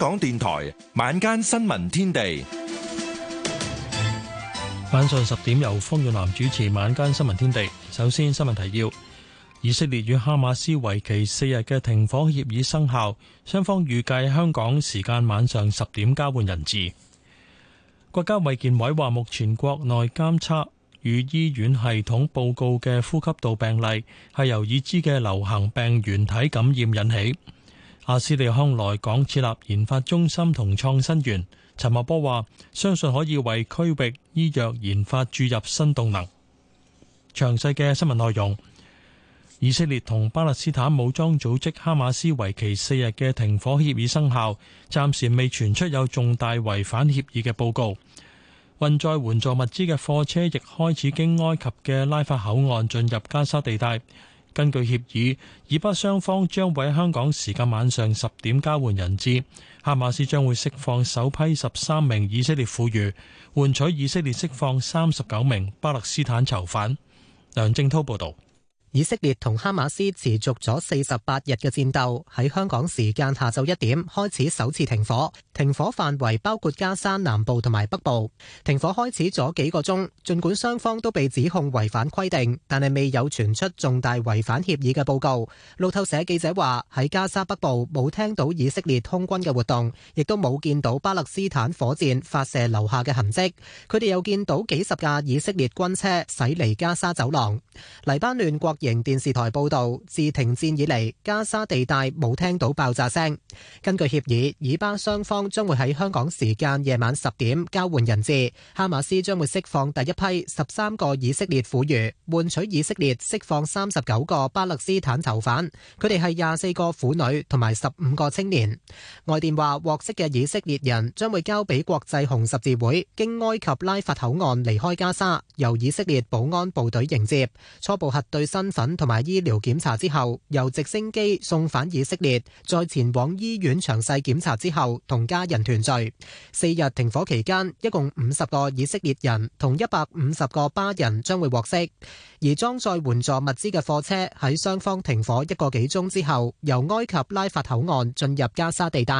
香港電台晚間新聞天地，晚上十點由方潤南主持。晚間新聞天地，首先新聞提要：以色列與哈馬斯為期四日嘅停火協議生效，雙方預計香港時間晚上十點交換人質。國家衛健委話，目前國內監測與醫院系統報告嘅呼吸道病例係由已知嘅流行病原體感染引起。阿斯利康來港設立研發中心同創新園，陳茂波話相信可以為區域醫藥研發注入新動能。詳細嘅新聞內容：以色列同巴勒斯坦武裝組織哈馬斯為期四日嘅停火協議生效，暫時未傳出有重大違反協議嘅報告。運載援助物資嘅貨車亦開始經埃及嘅拉法口岸進入加沙地帶。根據協議，以巴雙方將會喺香港時間晚上十點交換人質，哈馬斯將會釋放首批十三名以色列婦孺，換取以色列釋放三十九名巴勒斯坦囚犯。梁正滔報導。以色列同哈馬斯持續咗四十八日嘅戰鬥，喺香港時間下晝一點開始首次停火。停火範圍包括加沙南部同埋北部。停火開始咗幾個鐘，盡管雙方都被指控違反規定，但係未有傳出重大違反協議嘅報告。路透社記者話：喺加沙北部冇聽到以色列空軍嘅活動，亦都冇見到巴勒斯坦火箭發射留下嘅痕跡。佢哋又見到幾十架以色列軍車駛離加沙走廊。黎巴嫩國。型電視台報道，自停戰以嚟，加沙地帶冇聽到爆炸聲。根據協議，以巴雙方將會喺香港時間夜晚十點交換人質，哈馬斯將會釋放第一批十三個以色列婦孺，換取以色列釋放三十九個巴勒斯坦囚犯。佢哋係廿四個婦女同埋十五個青年。外電話獲釋嘅以色列人將會交俾國際紅十字會，經埃及拉法口岸離開加沙，由以色列保安部隊迎接。初步核對新粉同埋醫療檢查之後，由直升機送返以色列，再前往醫院詳細檢查之後，同家人團聚。四日停火期間，一共五十個以色列人同一百五十個巴人將會獲釋。而裝載援助物資嘅貨車喺雙方停火一個幾鐘之後，由埃及拉法口岸進入加沙地帶。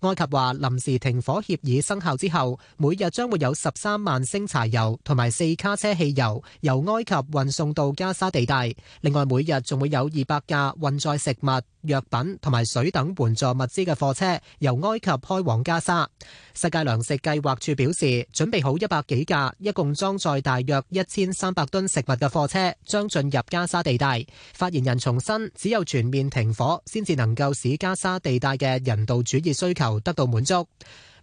埃及話，臨時停火協議生效之後，每日將會有十三萬升柴油同埋四卡車汽油由埃及運送到加沙地帶。另外，每日仲會有二百架運載食物、藥品同埋水等援助物資嘅貨車由埃及開往加沙。世界糧食計劃處表示，準備好一百幾架，一共裝載大約一千三百噸食物嘅貨車將進入加沙地帶。發言人重申，只有全面停火，先至能夠使加沙地帶嘅人道主義需求得到滿足。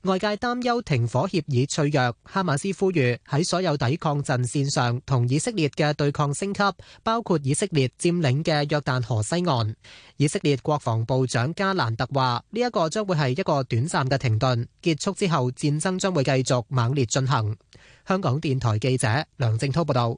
外界擔憂停火協議脆弱，哈馬斯呼籲喺所有抵抗陣線上同以色列嘅對抗升級，包括以色列佔領嘅約旦河西岸。以色列國防部長加蘭特話，呢一個將會係一個短暫嘅停頓，結束之後戰爭將會繼續猛烈進行。香港電台記者梁正濤報道。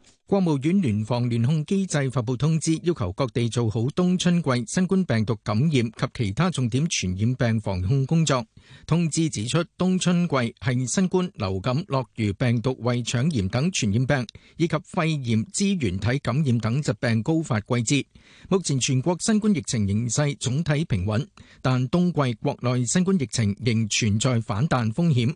國務院聯防聯控機制發布通知，要求各地做好冬春季新冠病毒感染及其他重點傳染病防控工作。通知指出，冬春季係新冠、流感、諾如病毒、胃腸炎等傳染病以及肺炎支原體感染等疾病高發季節。目前全國新冠疫情形勢總體平穩，但冬季國內新冠疫情仍存在反彈風險。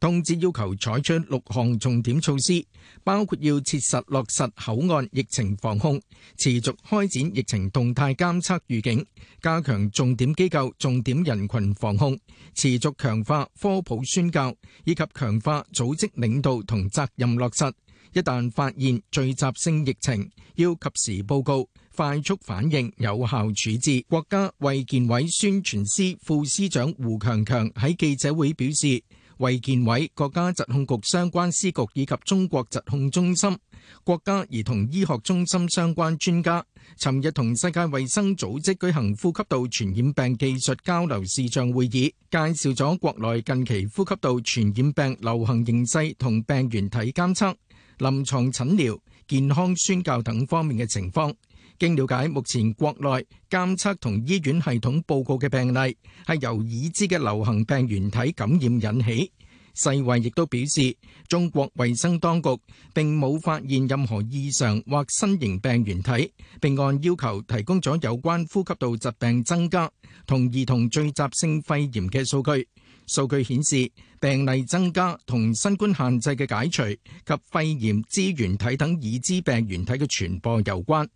通知要求採取六項重點措施，包括要切實落實口岸疫情防控，持續開展疫情動態監測預警，加強重點機構、重點人群防控，持續強化科普宣教，以及強化組織領導同責任落實，一旦發現聚集性疫情，要及時報告、快速反應、有效處置。國家衛健委宣傳司副司長胡強強喺記者會表示。衛健委、國家疾控局相關司局以及中國疾控中心、國家兒童醫學中心相關專家，尋日同世界衛生組織舉行呼吸道傳染病技術交流視像會議，介紹咗國內近期呼吸道傳染病流行形勢同病原體監測、臨床診療、健康宣教等方面嘅情況。經了解，目前國內監測同醫院系統報告嘅病例係由已知嘅流行病原體感染引起。世衛亦都表示，中國衛生當局並冇發現任何異常或新型病原體，並按要求提供咗有關呼吸道疾病增加同兒童聚集性肺炎嘅數據。數據顯示，病例增加同新冠限制嘅解除及肺炎支原體等已知病原體嘅傳播有關。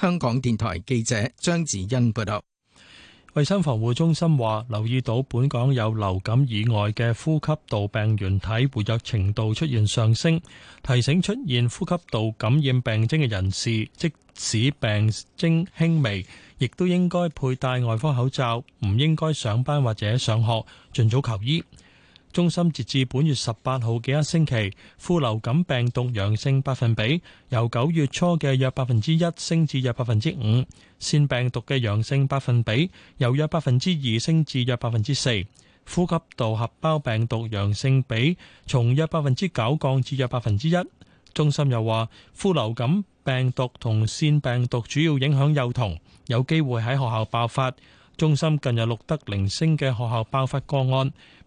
香港電台記者張子欣報道，衛生防護中心話，留意到本港有流感以外嘅呼吸道病原體活躍程度出現上升，提醒出現呼吸道感染病徵嘅人士，即使病徵輕微，亦都應該佩戴外科口罩，唔應該上班或者上學，盡早求醫。中心截至本月十八號嘅一星期，副流感病毒陽性百分比由九月初嘅約百分之一升至約百分之五，腺病毒嘅陽性百分比由約百分之二升至約百分之四，呼吸道合胞病毒陽性比從約百分之九降至約百分之一。中心又話，副流感病毒同腺病毒主要影響幼童，有機會喺學校爆發。中心近日錄得零星嘅學校爆發個案。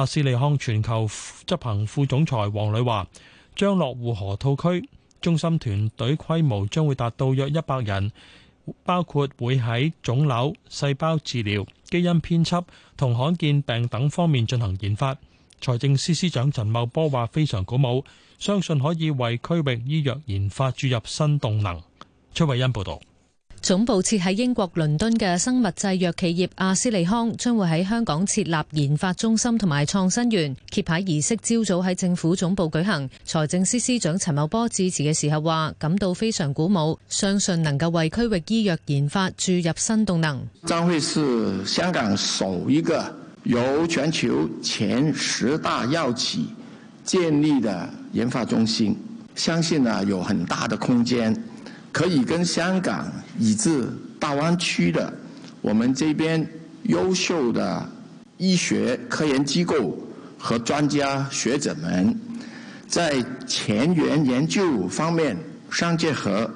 阿斯利康全球執行副總裁王磊話：，將落戶河套區中心團隊規模將會達到約一百人，包括會喺腫瘤、細胞治療、基因編輯同罕見病等方面進行研發。財政司司長陳茂波話：，非常鼓舞，相信可以為區域醫藥研發注入新動能。崔慧欣報道。總部設喺英國倫敦嘅生物製藥企業阿斯利康將會喺香港設立研發中心同埋創新園，揭牌儀式朝早喺政府總部舉行。財政司司長陳茂波致辭嘅時候話，感到非常鼓舞，相信能夠為區域醫藥研發注入新動能。將會是香港首一個由全球前十大藥企建立嘅研發中心，相信呢有很大的空間，可以跟香港，以至大灣區的，我們這邊優秀的醫學科研機構和專家學者們在前沿研究方面相結合，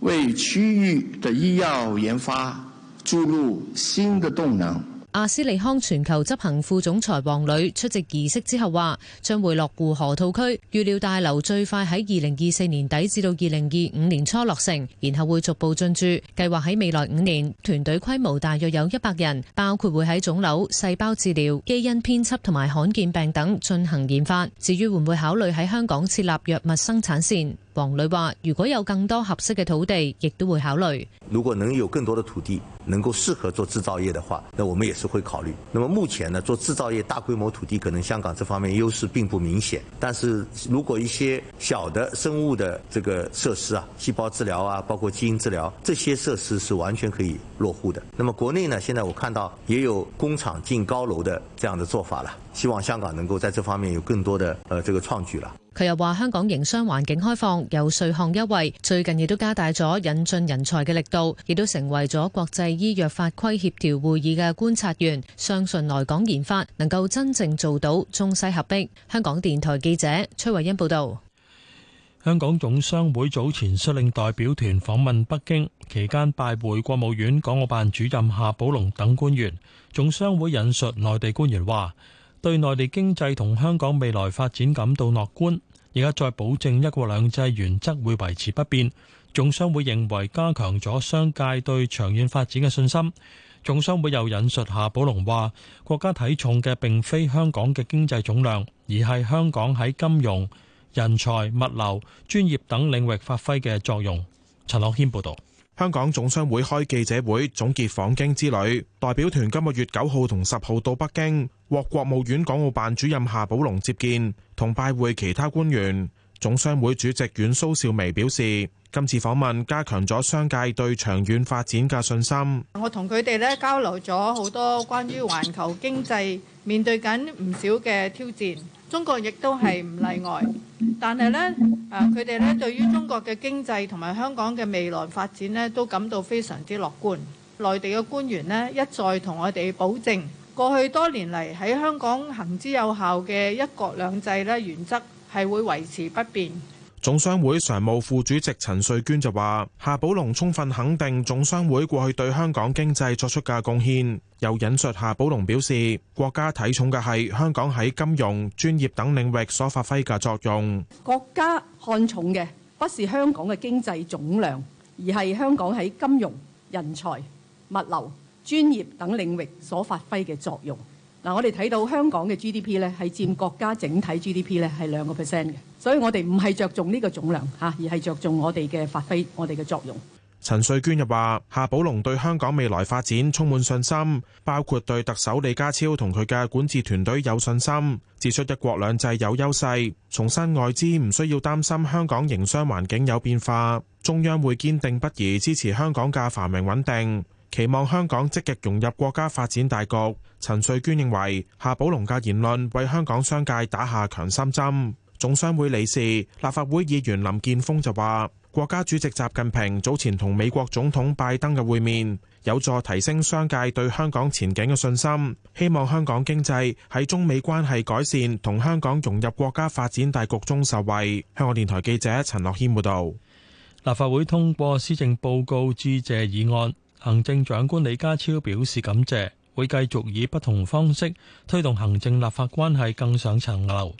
為區域的醫藥研發注入新的動能。阿斯利康全球執行副總裁王磊出席儀式之後話，將會落戶河套區，預料大樓最快喺二零二四年底至到二零二五年初落成，然後會逐步進駐。計劃喺未來五年，團隊規模大約有一百人，包括會喺腫瘤、細胞治療、基因編輯同埋罕見病等進行研發。至於會唔會考慮喺香港設立藥物生產線？王磊話：如果有更多合適的土地，亦都會考慮。如果能有更多的土地能夠適合做製造業的話，那我們也是會考慮。那麼目前呢，做製造業大規模土地可能香港這方面優勢並不明顯。但是如果一些小的生物的這個設施啊，細胞治療啊，包括基因治療，這些設施是完全可以落戶的。那麼國內呢，現在我看到也有工廠進高樓的這樣的做法了。希望香港能夠在這方面有更多的呃這個創舉了。佢又話：香港營商環境開放，有稅項優惠，最近亦都加大咗引進人才嘅力度，亦都成為咗國際醫藥法規協，協調會議嘅觀察員。相信來港研發能夠真正做到中西合璧。香港電台記者崔慧欣報道，香港總商會早前率領代表團訪問北京，期間拜會國務院港澳辦主任夏寶龍等官員。總商會引述內地官員話：對內地經濟同香港未來發展感到樂觀。而家再保證一國兩制原則會維持不變，總商會認為加強咗商界對長遠發展嘅信心。總商會又引述夏寶龍話：國家睇重嘅並非香港嘅經濟總量，而係香港喺金融、人才、物流、專業等領域發揮嘅作用。陳樂謙報道。香港總商會開記者會總結訪京之旅，代表團今個月九號同十號到北京，獲國務院港澳辦主任夏寶龍接見，同拜會其他官員。總商會主席阮蘇少湄表示，今次訪問加強咗商界對長遠發展嘅信心。我同佢哋咧交流咗好多關於環球經濟面對緊唔少嘅挑戰。中國亦都係唔例外，但係呢，誒佢哋呢對於中國嘅經濟同埋香港嘅未來發展呢，都感到非常之樂觀。內地嘅官員呢一再同我哋保證，過去多年嚟喺香港行之有效嘅一國兩制呢原則係會維持不變。總商會常務副主席陳瑞娟就話：夏寶龍充分肯定總商會過去對香港經濟作出嘅貢獻。又引述夏寶龍表示，國家睇重嘅係香港喺金融、專業等領域所發揮嘅作用。國家看重嘅不是香港嘅經濟總量，而係香港喺金融、人才、物流、專業等領域所發揮嘅作用。嗱，我哋睇到香港嘅 GDP 咧，係占國家整體 GDP 咧，係兩個 percent 嘅，所以我哋唔係着重呢個總量吓，而係着重我哋嘅發揮我哋嘅作用。陳瑞娟又話夏寶龍對香港未來發展充滿信心，包括對特首李家超同佢嘅管治團隊有信心，指出一國兩制有優勢，重申外資唔需要擔心香港營商環境有變化，中央會堅定不移支持香港嘅繁榮穩定。期望香港積極融入國家發展大局。陳瑞娟認為夏寶龍嘅言論為香港商界打下強心針，總商會理事、立法會議員林建峰就話國家主席習近平早前同美國總統拜登嘅會面，有助提升商界對香港前景嘅信心。希望香港經濟喺中美關係改善同香港融入國家發展大局中受惠。香港電台記者陳樂謙報道。立法會通過施政報告致謝議案。行政長官李家超表示感謝，會繼續以不同方式推動行政立法關係更上層樓。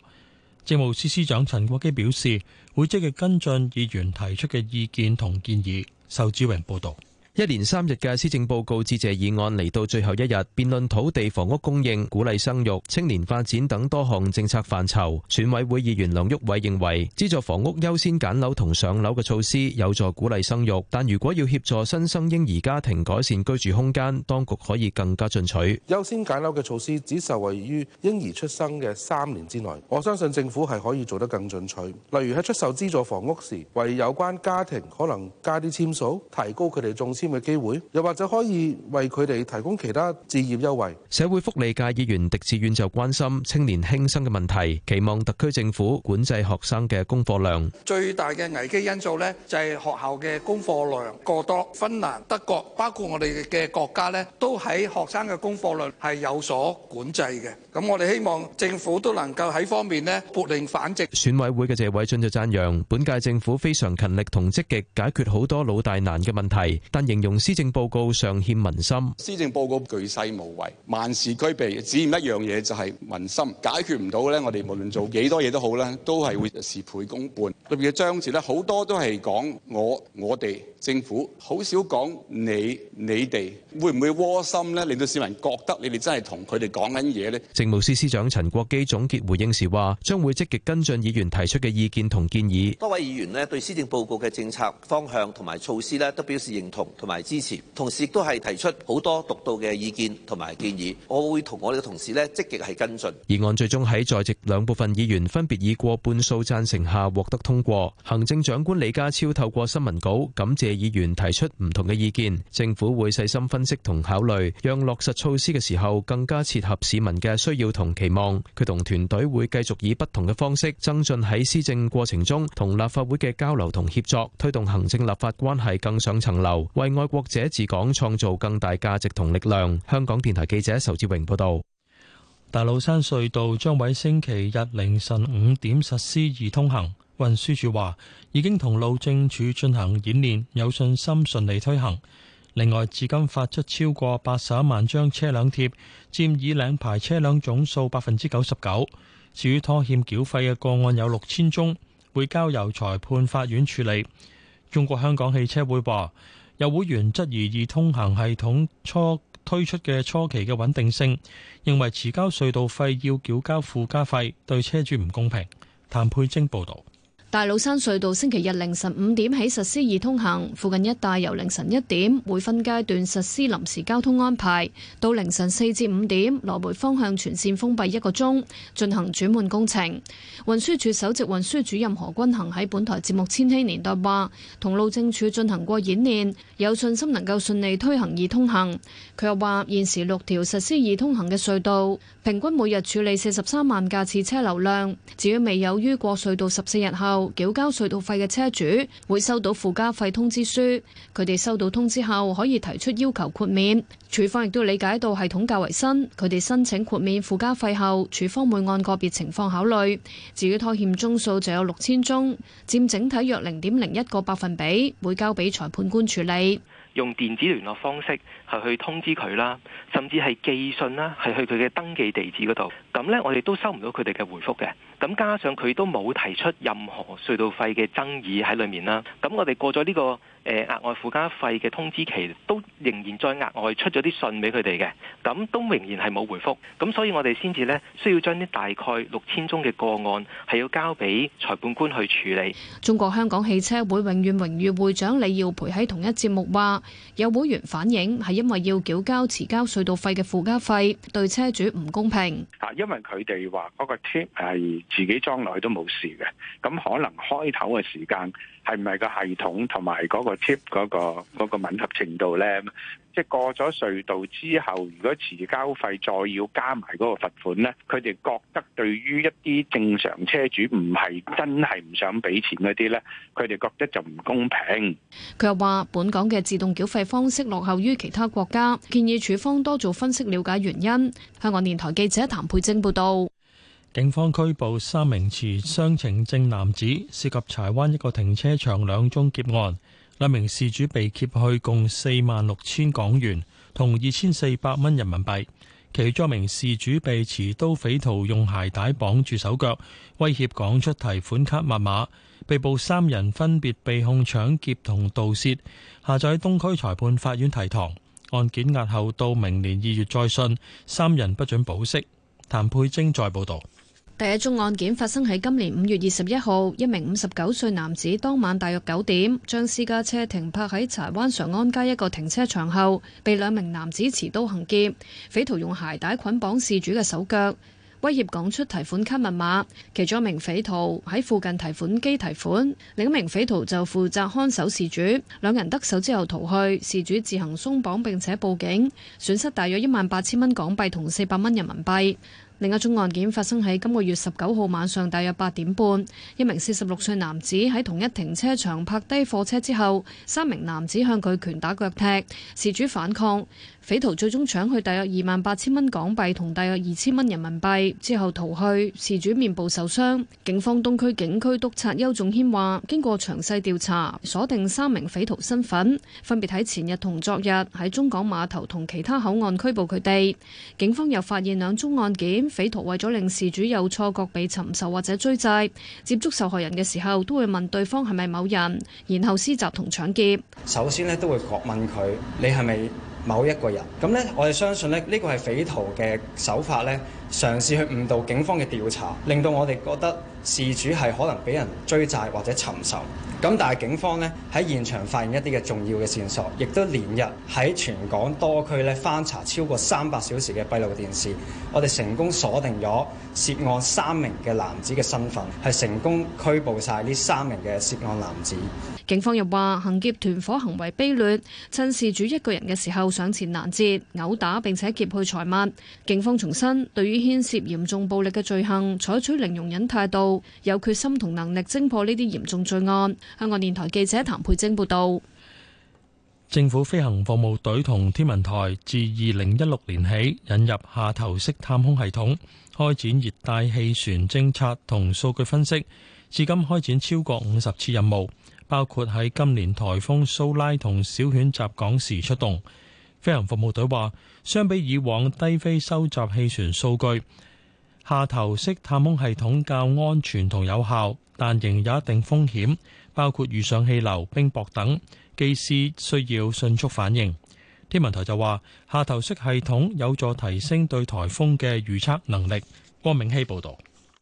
政務司司長陳國基表示，會積極跟進議員提出嘅意見同建議。仇志榮報導。一連三日嘅施政報告致謝議案嚟到最後一日，辯論土地、房屋供應、鼓勵生育、青年發展等多項政策範疇。選委會議員梁毓偉認為，資助房屋優先揀樓同上樓嘅措施有助鼓勵生育，但如果要協助新生嬰兒家庭改善居住空間，當局可以更加進取。優先揀樓嘅措施只受惠於嬰兒出生嘅三年之內，我相信政府係可以做得更進取。例如喺出售資助房屋時，為有關家庭可能加啲簽數，提高佢哋中簽。嘅機會，又或者可以為佢哋提供其他置業優惠。社會福利界議員狄志遠就關心青年輕生嘅問題，期望特區政府管制學生嘅功課量。最大嘅危機因素咧，就係學校嘅功課量過多。芬蘭、德國，包括我哋嘅國家咧，都喺學生嘅功課量係有所管制嘅。咁我哋希望政府都能夠喺方面咧撥亂反正。選委會嘅謝偉俊就讚揚本屆政府非常勤力同積極解決好多老大難嘅問題，但仍容施政報告尚欠民心。施政報告巨勢無為，萬事俱備，只欠一樣嘢就係民心。解決唔到咧，我哋無論做幾多嘢都好啦，都係會事倍功半。裏邊嘅章節咧，好多都係講我我哋政府，好少講你你哋。會唔會窩心咧？令到市民覺得你哋真係同佢哋講緊嘢咧？政務司司長陳國基總結回應時話，將會積極跟進議,議員提出嘅意見同建議。多位議員咧對施政報告嘅政策方向同埋措施咧都表示認同。同埋支持，同時亦都係提出好多獨到嘅意見同埋建議。我會同我哋嘅同事呢，積極係跟進。議案最終喺在，在席兩部分議員分別以過半數贊成下獲得通過。行政長官李家超透過新聞稿感謝議員提出唔同嘅意見，政府會細心分析同考慮，讓落實措施嘅時候更加切合市民嘅需要同期望。佢同團隊會繼續以不同嘅方式，增進喺施政過程中同立法會嘅交流同協作，推動行政立法關係更上層樓。愛國者治港，創造更大價值同力量。香港電台記者仇志榮報道。大老山隧道將喺星期日凌晨五點實施易通行。運輸署話已經同路政署進行演練，有信心順利推行。另外，至今發出超過八十一萬張車輛貼，佔已領牌車輛總數百分之九十九。至於拖欠繳費嘅個案有六千宗，會交由裁判法院處理。中國香港汽車會話。有會員質疑易通行系統初推出嘅初期嘅穩定性，認為遲交隧道費要繳交附加費，對車主唔公平。譚佩晶報導。大老山隧道星期日凌晨五點起實施易通行，附近一帶由凌晨一點每分階段實施臨時交通安排，到凌晨四至五點來回方向全綫封閉一個鐘進行轉換工程。運輸署首席運輸主任何君衡喺本台節目千禧年代話，同路政署進行過演練，有信心能夠順利推行易通行。佢又話，現時六條實施易通行嘅隧道平均每日處理四十三萬架次車流量，至於未有於過隧道十四日後，繳交隧道費嘅車主會收到附加費通知書，佢哋收到通知後可以提出要求豁免。署方亦都理解到系統較為新，佢哋申請豁免附加費後，署方會按個別情況考慮。至於拖欠宗數就有六千宗，佔整體約零點零一個百分比，會交俾裁判官處理。用電子聯絡方式。係去通知佢啦，甚至係寄信啦，係去佢嘅登記地址嗰度。咁咧，我哋都收唔到佢哋嘅回覆嘅。咁加上佢都冇提出任何隧道費嘅爭議喺裏面啦。咁我哋過咗呢個誒額外附加費嘅通知期，都仍然再額外出咗啲信俾佢哋嘅。咁都仍然係冇回覆，咁所以我哋先至咧需要將啲大概六千宗嘅個案係要交俾裁判官去處理。中國香港汽車會永遠榮譽會長李耀培喺同一節目話：有會員反映係。因為要繳交遲交隧道費嘅附加費，對車主唔公平。啊，因為佢哋話嗰個貼係自己裝落去都冇事嘅，咁可能開頭嘅時間。係唔係個系統同埋嗰個 tip 嗰個嗰個吻合程度呢？即係過咗隧道之後，如果遲交費再要加埋嗰個罰款呢，佢哋覺得對於一啲正常車主唔係真係唔想俾錢嗰啲呢，佢哋覺得就唔公平。佢又話：本港嘅自動繳費方式落後於其他國家，建議處方多做分析，了解原因。香港電台記者譚佩晶報道。警方拘捕三名持雙程證男子，涉及柴灣一個停車場兩宗劫案。兩名事主被劫去共四萬六千港元同二千四百蚊人民幣。其中一名事主被持刀匪徒用鞋帶綁住手腳，威脅講出提款卡密碼。被捕三人分別被控搶劫同盜竊，下周在東區裁判法院提堂。案件押後到明年二月再訊，三人不准保釋。譚佩晶再報道。第一宗案件發生喺今年五月二十一號，一名五十九歲男子當晚大約九點將私家車停泊喺柴灣常安街一個停車場後，被兩名男子持刀行劫。匪徒用鞋帶捆綁事主嘅手腳，威脅講出提款卡密碼。其中一名匪徒喺附近提款機提款，另一名匪徒就負責看守事主。兩人得手之後逃去，事主自行鬆綁並且報警，損失大約一萬八千蚊港幣同四百蚊人民幣。另一宗案件發生喺今個月十九號晚上大約八點半，一名四十六歲男子喺同一停車場泊低貨車之後，三名男子向佢拳打腳踢，事主反抗。匪徒最終搶去大約二萬八千蚊港幣同大約二千蚊人民幣之後逃去，事主面部受傷。警方東區警區督察邱仲謙話，經過詳細調查，鎖定三名匪徒身份，分別喺前日同昨日喺中港碼頭同其他口岸拘捕佢哋。警方又發現兩宗案件，匪徒為咗令事主有錯覺被尋仇或者追債，接觸受害人嘅時候都會問對方係咪某人，然後施襲同搶劫。首先呢，都會確問佢你係咪？某一個人咁咧，我哋相信咧，呢個係匪徒嘅手法咧。嘗試去誤導警方嘅調查，令到我哋覺得事主係可能俾人追債或者尋仇。咁但係警方咧喺現場發現一啲嘅重要嘅線索，亦都連日喺全港多區咧翻查超過三百小時嘅閉路電視，我哋成功鎖定咗涉案三名嘅男子嘅身份，係成功拘捕晒呢三名嘅涉案男子。警方又話，行劫團伙行為卑劣，趁事主一個人嘅時候上前攔截、毆打並且劫去財物。警方重申，對於牽涉嚴重暴力嘅罪行，採取零容忍態度，有決心同能力偵破呢啲嚴重罪案。香港電台記者譚佩晶報道，政府飛行服務隊同天文台自二零一六年起引入下投式探空系統，開展熱帶氣旋偵察同數據分析，至今開展超過五十次任務，包括喺今年颱風蘇拉同小犬襲港時出動。飛行服務隊話，相比以往低飛收集氣旋數據，下頭式探空系統較安全同有效，但仍有一定風險，包括遇上氣流、冰雹等，機師需要迅速反應。天文台就話，下頭式系統有助提升對颱風嘅預測能力。郭明希報導。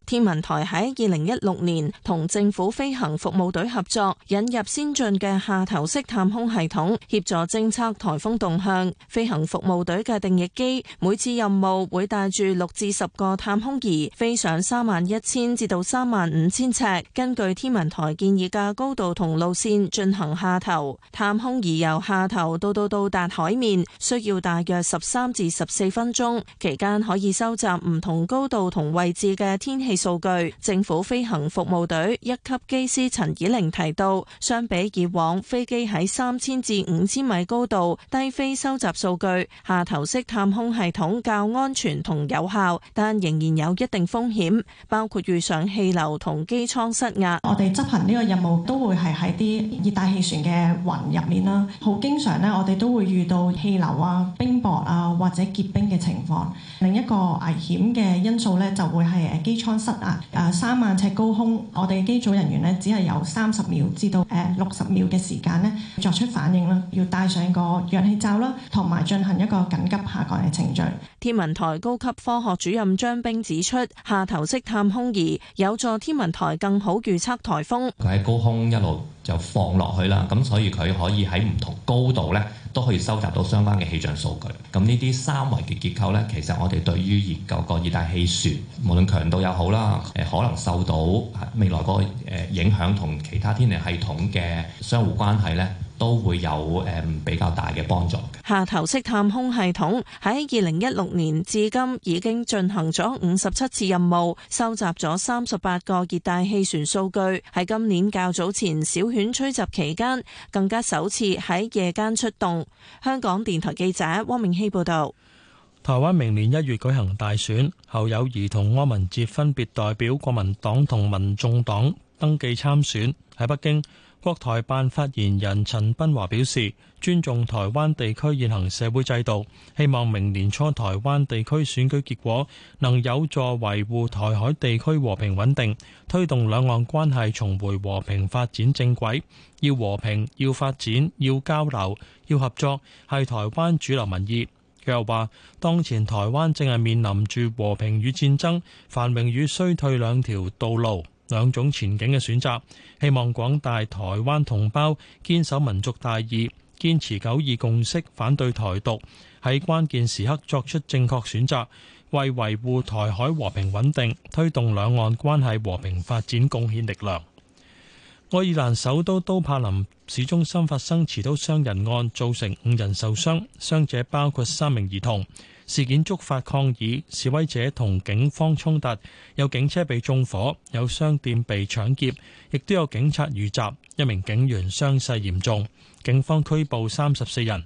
天文台喺二零一六年同政府飛行服務隊合作，引入先進嘅下頭式探空系統，協助偵測颱風動向。飛行服務隊嘅定翼機每次任務會帶住六至十個探空儀，飛上三萬一千至到三萬五千尺，根據天文台建議嘅高度同路線進行下頭探空儀，由下頭到到到達海面，需要大約十三至十四分鐘，期間可以收集唔同高度同位置嘅天氣數據。政府飛行服務隊一級機師陳以玲提到，相比以往，飛機喺三千至五千米高度低飛收集數據，下投式探空系統較安全同有效，但仍然有一定風險，包括遇上氣流同機艙失壓。我哋執行呢個任務都會係喺啲熱帶氣旋嘅雲入面啦，好經常咧，我哋都會遇到氣流啊、冰雹啊或者結冰嘅情況。另一個危險嘅因素咧，就會係誒機艙。三萬尺高空，我哋機組人員咧，只係有三十秒至到六十秒嘅時間咧，作出反應啦，要戴上個氧氣罩啦，同埋進行一個緊急下降嘅程序。天文台高級科學主任張冰指出，下投式探空儀有助天文台更好預測颱風。佢喺高空一路就放落去啦，咁所以佢可以喺唔同高度咧。都可以收集到相關嘅氣象數據。咁呢啲三維嘅結構呢，其實我哋對於研究個熱帶氣旋，無論強度又好啦，可能受到未來個影響同其他天氣系統嘅相互關係呢。都會有誒比較大嘅幫助嘅。下頭式探空系統喺二零一六年至今已經進行咗五十七次任務，收集咗三十八個熱帶氣旋數據，喺今年較早前小犬吹襲期間更加首次喺夜間出動。香港電台記者汪明熙報道。台灣明年一月舉行大選，侯友宜同柯文哲分別代表國民黨同民眾黨登記參選，喺北京。國台辦發言人陳斌華表示，尊重台灣地區現行社會制度，希望明年初台灣地區選舉結果能有助維護台海地區和平穩定，推動兩岸關係重回和平發展正軌。要和平，要發展，要交流，要合作，係台灣主流民意。佢又話，當前台灣正係面臨住和平與戰爭、繁榮與衰退兩條道路，兩種前景嘅選擇，希望廣大台灣同胞堅守民族大義，堅持九二共識，反對台獨，喺關鍵時刻作出正確選擇，為維護台海和平穩定、推動兩岸關係和平發展貢獻力量。愛爾蘭首都都柏林市中心發生持刀傷人案，造成五人受傷，傷者包括三名兒童。事件觸發抗議，示威者同警方衝突，有警車被縱火，有商店被搶劫，亦都有警察遇襲，一名警員傷勢嚴重，警方拘捕三十四人。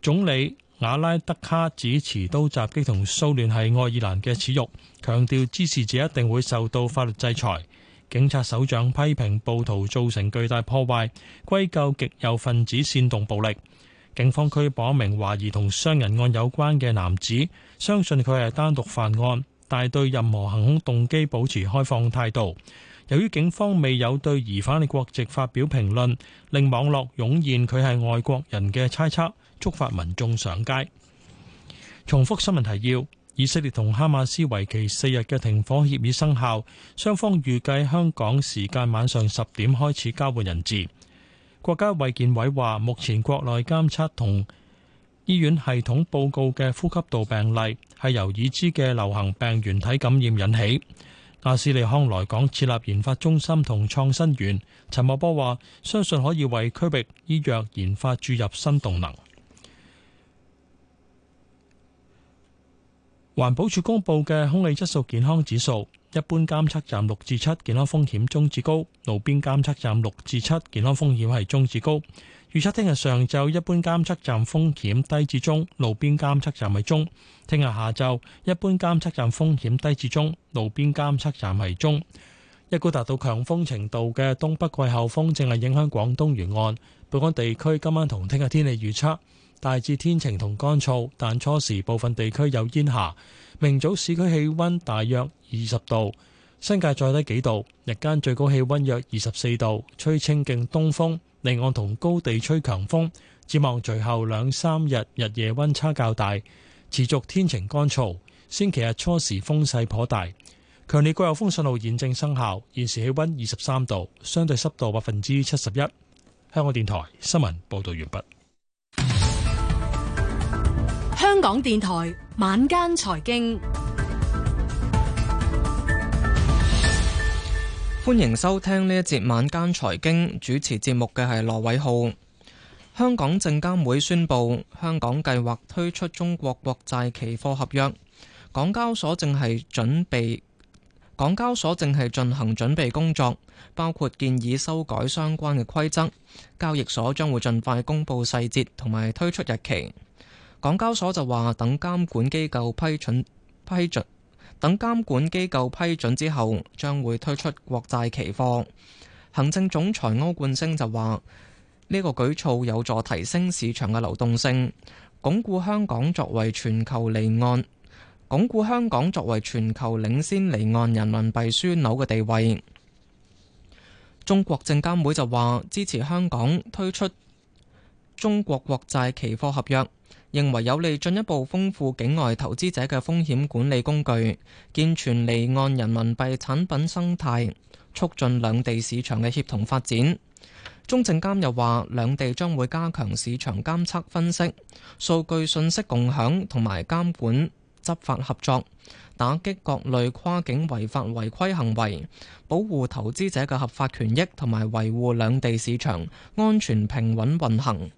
總理瓦拉德卡指持刀襲擊同騷亂係愛爾蘭嘅恥辱，強調支持者一定會受到法律制裁。警察首長批評暴徒造成巨大破壞，歸咎極右分子煽動暴力。警方拘捕一名懷疑同傷人案有關嘅男子，相信佢係單獨犯案，但係對任何行凶動機保持開放態度。由於警方未有對疑犯嘅國籍發表評論，令網絡湧現佢係外國人嘅猜測，觸發民眾上街。重複新聞提要：以色列同哈馬斯為期四日嘅停火協議生效，雙方預計香港時間晚上十點開始交換人質。國家衛健委話，目前國內監測同醫院系統報告嘅呼吸道病例係由已知嘅流行病原體感染引起。阿斯利康來港設立研發中心同創新園，陳茂波話相信可以為區域醫藥研發注入新動能。環保署公布嘅空氣質素健康指數。一般監測站六至七健康風險中至高，路邊監測站六至七健康風險係中至高。預測聽日上晝一般監測站風險低至中，路邊監測站係中。聽日下晝一般監測站風險低至中，路邊監測站係中。一股達到強風程度嘅東北季候風正係影響廣東沿岸，本港地區今晚同聽日天氣預測大致天晴同乾燥，但初時部分地區有煙霞。明早市區氣温大約二十度，新界再低幾度，日間最高氣温約二十四度，吹清勁東風，離岸同高地吹強風，展望隨後兩三日日夜温差較大，持續天晴乾燥，星期日初時風勢頗大，強烈季候風信號現正生效，現時氣温二十三度，相對濕度百分之七十一，香港電台新聞報道完畢。香港電台晚間財經，歡迎收聽呢一節晚間財經主持節目嘅係羅偉浩。香港證監會宣布，香港計劃推出中國國債期貨合約。港交所正係準備，港交所正係進行準備工作，包括建議修改相關嘅規則。交易所將會盡快公布細節同埋推出日期。港交所就話等監管機構批准批准等監管機構批准之後，將會推出國債期貨。行政總裁歐冠昇就話呢、這個舉措有助提升市場嘅流動性，鞏固香港作為全球離岸、鞏固香港作為全球領先離岸人民幣樞紐嘅地位。中國證監會就話支持香港推出中國國債期貨合約。認為有利進一步豐富境外投資者嘅風險管理工具，健全離岸人民幣產品生態，促進兩地市場嘅協同發展。中證監又話，兩地將會加強市場監測分析、數據信息共享同埋監管執法合作，打擊各類跨境違法違規行為，保護投資者嘅合法權益同埋維護兩地市場安全平穩運行。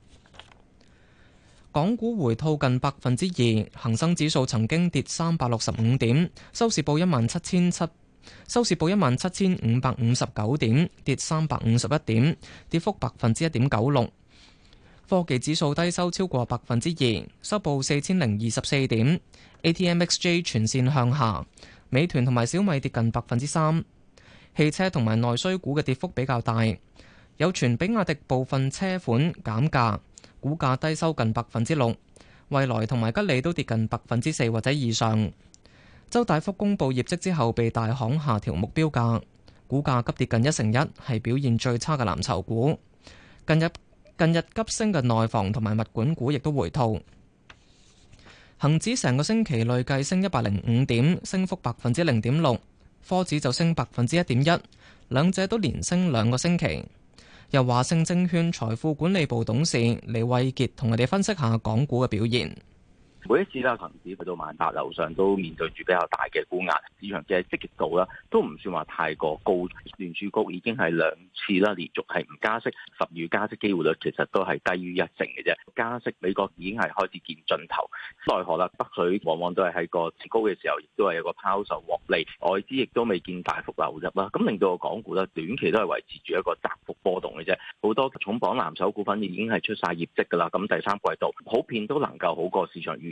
港股回吐近百分之二，恒生指數曾經跌三百六十五點，收市報一萬七千七，收市報一萬七千五百五十九點，跌三百五十一點，跌幅百分之一點九六。科技指數低收超過百分之二，收報四千零二十四點。ATMXJ 全線向下，美團同埋小米跌近百分之三，汽車同埋內需股嘅跌幅比較大，有傳比亞迪部分車款減價。股價低收近百分之六，蔚來同埋吉利都跌近百分之四或者以上。周大福公布業績之後，被大行下調目標價，股價急跌近一成一，係表現最差嘅藍籌股。近日近日急升嘅內房同埋物管股亦都回吐。恒指成個星期累計升一百零五點，升幅百分之零點六；科指就升百分之一點一，兩者都連升兩個星期。由華盛證券財富管理部董事李慧杰同我哋分析下港股嘅表現。每一次啦，恒指去到萬八樓上，都面對住比較大嘅沽壓，市場嘅積極度啦，都唔算話太過高。聯儲局已經係兩次啦，連續係唔加息，十二月加息機會率其實都係低於一成嘅啫。加息美國已經係開始見盡頭，奈何啦，北水往往都係喺個市高嘅時候，亦都係有個拋售獲利，外資亦都未見大幅流入啦。咁令到個港股咧，短期都係維持住一個窄幅波動嘅啫。好多重磅藍籌股份已經係出晒業績㗎啦，咁第三季度普遍都能夠好過市場預。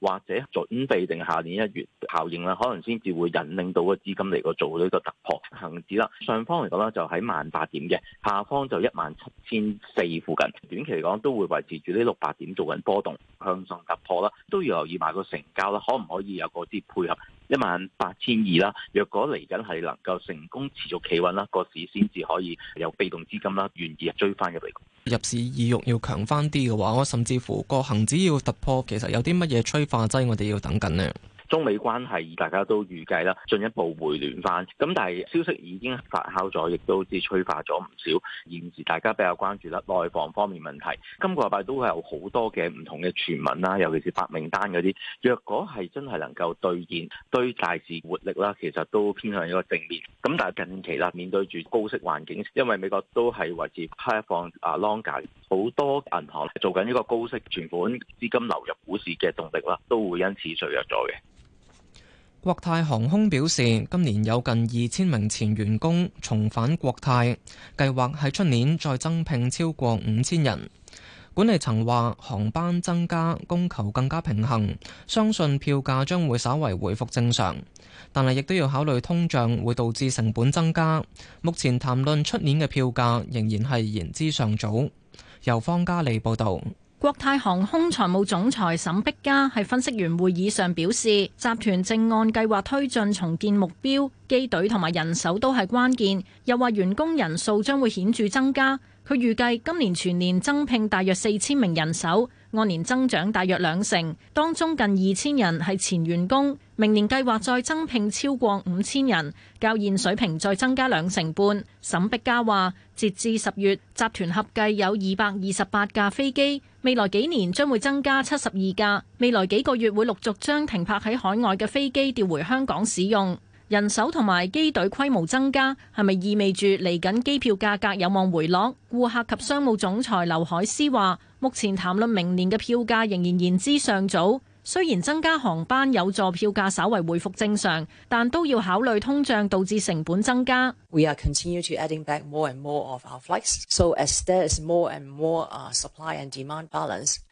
或者準備定下年一月效應啦，可能先至會引領到個資金嚟個做呢個突破行市啦。上方嚟講咧就喺萬八點嘅，下方就一萬七千四附近。短期嚟講都會維持住呢六百點做緊波動，向上突破啦，都要留意埋個成交啦，可唔可以有嗰啲配合一萬八千二啦？18, 200, 若果嚟緊係能夠成功持續企穩啦，個市先至可以有被動資金啦，願意追翻入嚟。入市意欲要強返啲嘅話，我甚至乎個恆指要突破，其實有啲乜嘢催化劑，我哋要等緊咧。中美關係大家都預計啦，進一步回暖返。咁但係消息已經發酵咗，亦都知催化咗唔少。現時大家比較關注啦，內房方面問題。今個禮拜都會有好多嘅唔同嘅傳聞啦，尤其是白名單嗰啲。若果係真係能夠兌現，對大市活力啦，其實都偏向一個正面。咁但係近期啦，面對住高息環境，因為美國都係維持開放啊，longer 好多銀行係做緊呢個高息存款資金流入股市嘅動力啦，都會因此削弱咗嘅。國泰航空表示，今年有近二千名前員工重返國泰，計劃喺出年再增聘超過五千人。管理層話，航班增加，供求更加平衡，相信票價將會稍為回復正常。但係亦都要考慮通脹會導致成本增加。目前談論出年嘅票價仍然係言之尚早。由方家利報道。國泰航空財務總裁沈碧嘉喺分析員會議上表示，集團正按計劃推進重建目標，機隊同埋人手都係關鍵。又話員工人數將會顯著增加，佢預計今年全年增聘大約四千名人手，按年增長大約兩成，當中近二千人係前員工。明年計劃再增聘超過五千人，較現水平再增加兩成半。沈碧嘉話：截至十月，集團合計有二百二十八架飛機，未來幾年將會增加七十二架。未來幾個月會陸續將停泊喺海外嘅飛機調回香港使用。人手同埋機隊規模增加，係咪意味住嚟緊機票價格有望回落？顧客及商務總裁劉凱詩話：目前談論明年嘅票價仍然言之尚早。雖然增加航班有助票價稍為回復正常，但都要考慮通脹導致成本增加。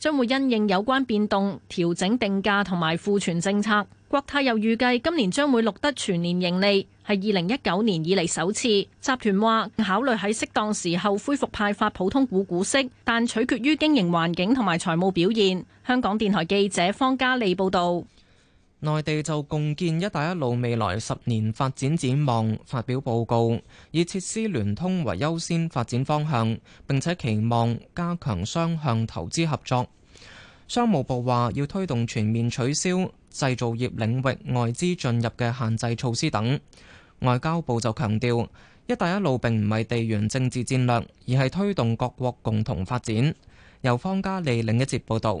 將會因應有關變動調整定價同埋庫存政策，國泰又預計今年將會錄得全年盈利，係二零一九年以嚟首次。集團話考慮喺適當時候恢復派發普通股股息，但取決於經營環境同埋財務表現。香港電台記者方嘉莉報道。內地就共建「一帶一路」未來十年發展展望發表報告，以設施聯通為優先發展方向，並且期望加強雙向投資合作。商務部話要推動全面取消製造業領域外資進入嘅限制措施等。外交部就強調，「一帶一路」並唔係地緣政治戰略，而係推動各國共同發展。由方家利另一節報道。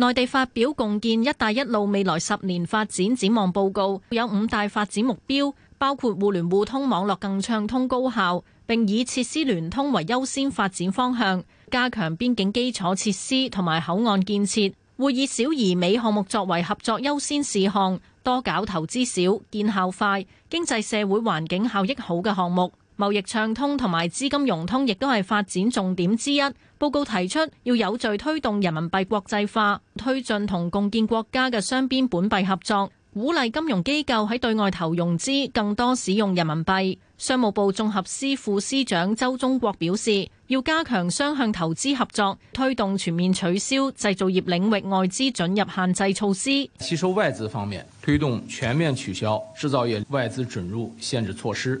內地發表共建“一帶一路”未來十年發展展望報告，有五大發展目標，包括互聯互通網絡更暢通高效，並以設施聯通為優先發展方向，加強邊境基礎設施同埋口岸建設，會以小而美項目作為合作優先事項，多搞投資少、見效快、經濟社會環境效益好嘅項目。貿易暢通同埋資金融通亦都係發展重點之一。報告提出要有序推動人民幣國際化，推進同共建國家嘅雙邊本幣合作，鼓勵金融機構喺對外投融資更多使用人民幣。商務部綜合司副司長周忠國表示，要加強雙向投資合作，推動全面取消製造業領域外資准入限制措施。吸收外資方面，推動全面取消製造業外資准入限制措施。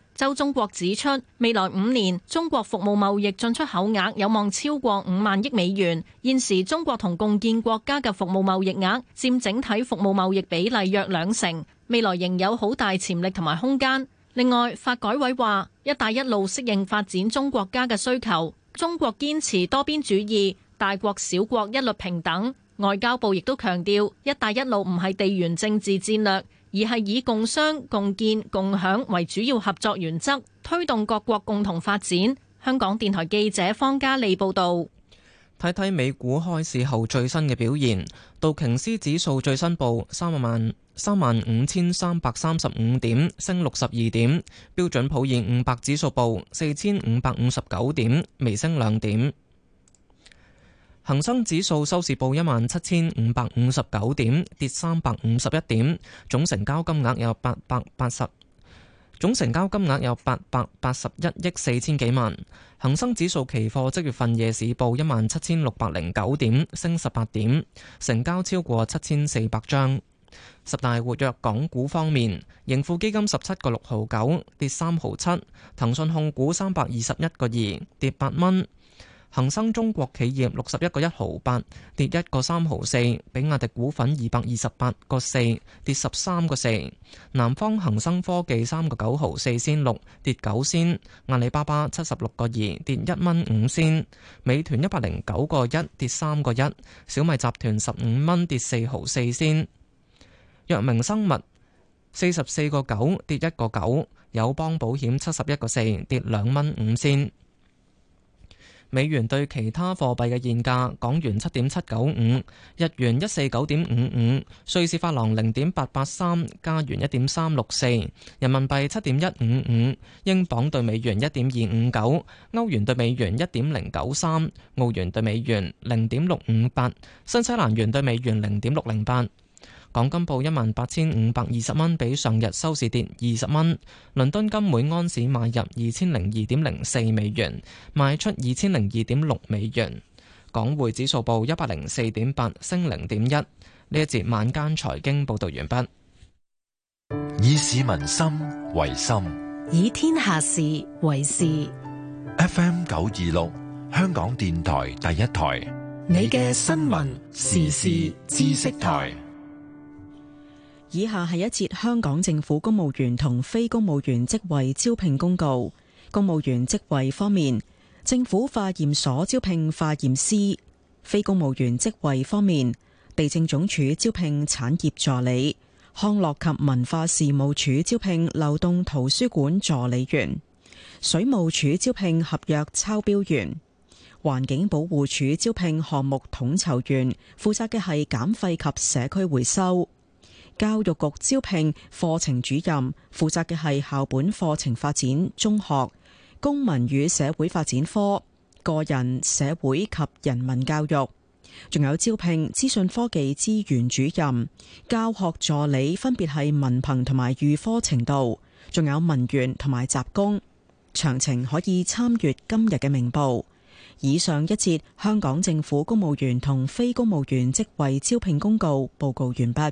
周中國指出，未來五年中國服務貿易進出口額有望超過五萬億美元。現時中國同共建國家嘅服務貿易額佔整體服務貿易比例約兩成，未來仍有好大潛力同埋空間。另外，發改委話，一帶一路適應發展中國家嘅需求。中國堅持多邊主義，大國小國一律平等。外交部亦都強調，一帶一路唔係地緣政治戰略。而係以共商、共建、共享為主要合作原則，推動各國共同發展。香港電台記者方嘉利報導。睇睇美股開市後最新嘅表現，道瓊斯指數最新報三萬三萬五千三百三十五點，升六十二點；標準普爾五百指數報四千五百五十九點，微升兩點。恒生指數收市報一萬七千五百五十九點，跌三百五十一點，總成交金額有八百八十，總成交金額有八百八十一億四千幾萬。恒生指數期貨即月份夜市報一萬七千六百零九點，升十八點，成交超過七千四百張。十大活躍港股方面，盈富基金十七個六毫九，跌三毫七；騰訊控股三百二十一個二，跌八蚊。恒生中國企業六十一個一毫八，跌一個三毫四；比亞迪股份二百二十八個四，跌十三個四。南方恒生科技三個九毫四仙六，跌九仙。阿里巴巴七十六個二，跌一蚊五仙。美團一百零九個一，跌三個一。小米集團十五蚊跌四毫四仙。藥明生物四十四個九，跌一個九。友邦保險七十一個四，跌兩蚊五仙。美元對其他貨幣嘅現價：港元七點七九五，日元一四九點五五，瑞士法郎零點八八三，加元一點三六四，人民幣七點一五五，英鎊對美元一點二五九，歐元對美元一點零九三，澳元對美元零點六五八，新西蘭元對美元零點六零八。港金報一萬八千五百二十蚊，比上日收市跌二十蚊。倫敦金每安士買入二千零二點零四美元，賣出二千零二點六美元。港匯指數報一百零四點八，升零點一。呢一節晚間財經報道完畢。以市民心為心，以天下事為事。F M 九二六，香港電台第一台，你嘅新聞時事知識台。以下係一節香港政府公務員同非公務員職位招聘公告。公務員職位方面，政府化驗所招聘化驗師；非公務員職位方面，地政總署招聘產業助理，康樂及文化事務署招聘流動圖書館助理員，水務署招聘合約抄標員，環境保護署招聘項目統籌員，負責嘅係減廢及社區回收。教育局招聘課程主任，負責嘅係校本課程發展中學公民與社會發展科、個人、社會及人民教育，仲有招聘資訊科技資源主任、教學助理，分別係文憑同埋預科程度，仲有文員同埋雜工。詳情可以參閱今日嘅明報。以上一節香港政府公務員同非公務員職位招聘公告報告完畢。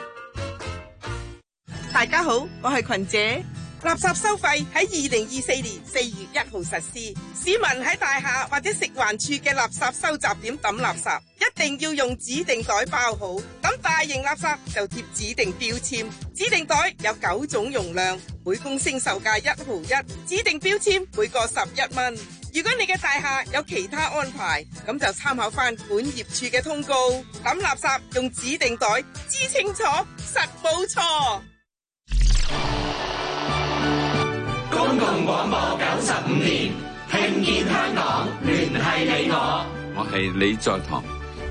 大家好，我係群姐。垃圾收費喺二零二四年四月一號實施，市民喺大廈或者食環處嘅垃圾收集點抌垃圾，一定要用指定袋包好。抌大型垃圾就貼指定標籤，指定袋有九種容量，每公升售價一毫一。指定標籤每個十一蚊。如果你嘅大廈有其他安排，咁就參考翻本業處嘅通告。抌垃圾用指定袋，知清楚，實冇錯。公共廣播九十五年，聽見香港，聯繫你我。我係李在堂。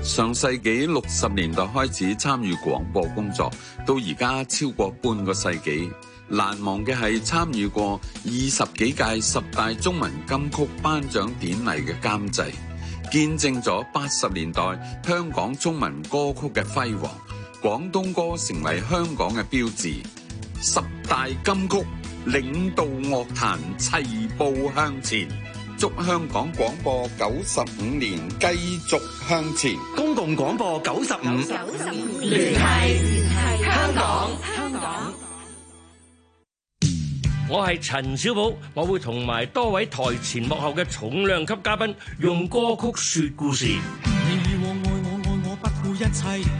上世紀六十年代開始參與廣播工作，到而家超過半個世紀。難忘嘅係參與過二十幾屆十大中文金曲頒獎典禮嘅監製，見證咗八十年代香港中文歌曲嘅輝煌，廣東歌成為香港嘅標誌，十大金曲，領導樂壇齊步向前，祝香港廣播九十五年繼續向前，公共廣播九十五，九十五年係聯繫香港香港。我係陳小寶，我會同埋多位台前幕後嘅重量級嘉賓，用歌曲說故事。故事你以往愛我愛我，我，愛我，我不顧一切。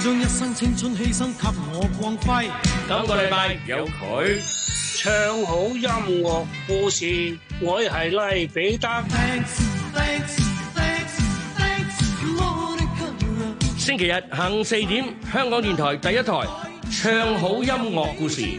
將一生青春犧牲給我光輝。今個禮拜有佢唱好音樂故事，我係拉比達。Thanks, thanks, thanks, thanks 星期日下午四點，香港電台第一台唱好音樂故事。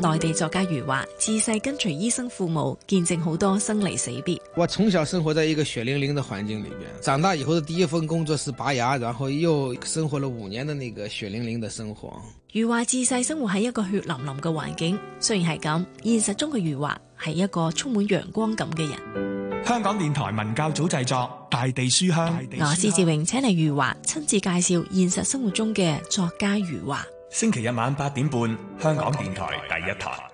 內地作家余華自細跟隨醫生父母，見證好多生離死別。我從小生活在一個血淋淋的環境裏邊，長大以後的第一份工作是拔牙，然後又生活了五年的那個血淋淋的生活。余華自細生活喺一個血淋淋嘅環境，雖然係咁，現實中嘅余華係一個充滿陽光感嘅人。香港電台文教組製作《大地書香》書香，我施志榮請嚟余華親自介紹現實生活中嘅作家余華。星期日晚八點半，香港電台第一台。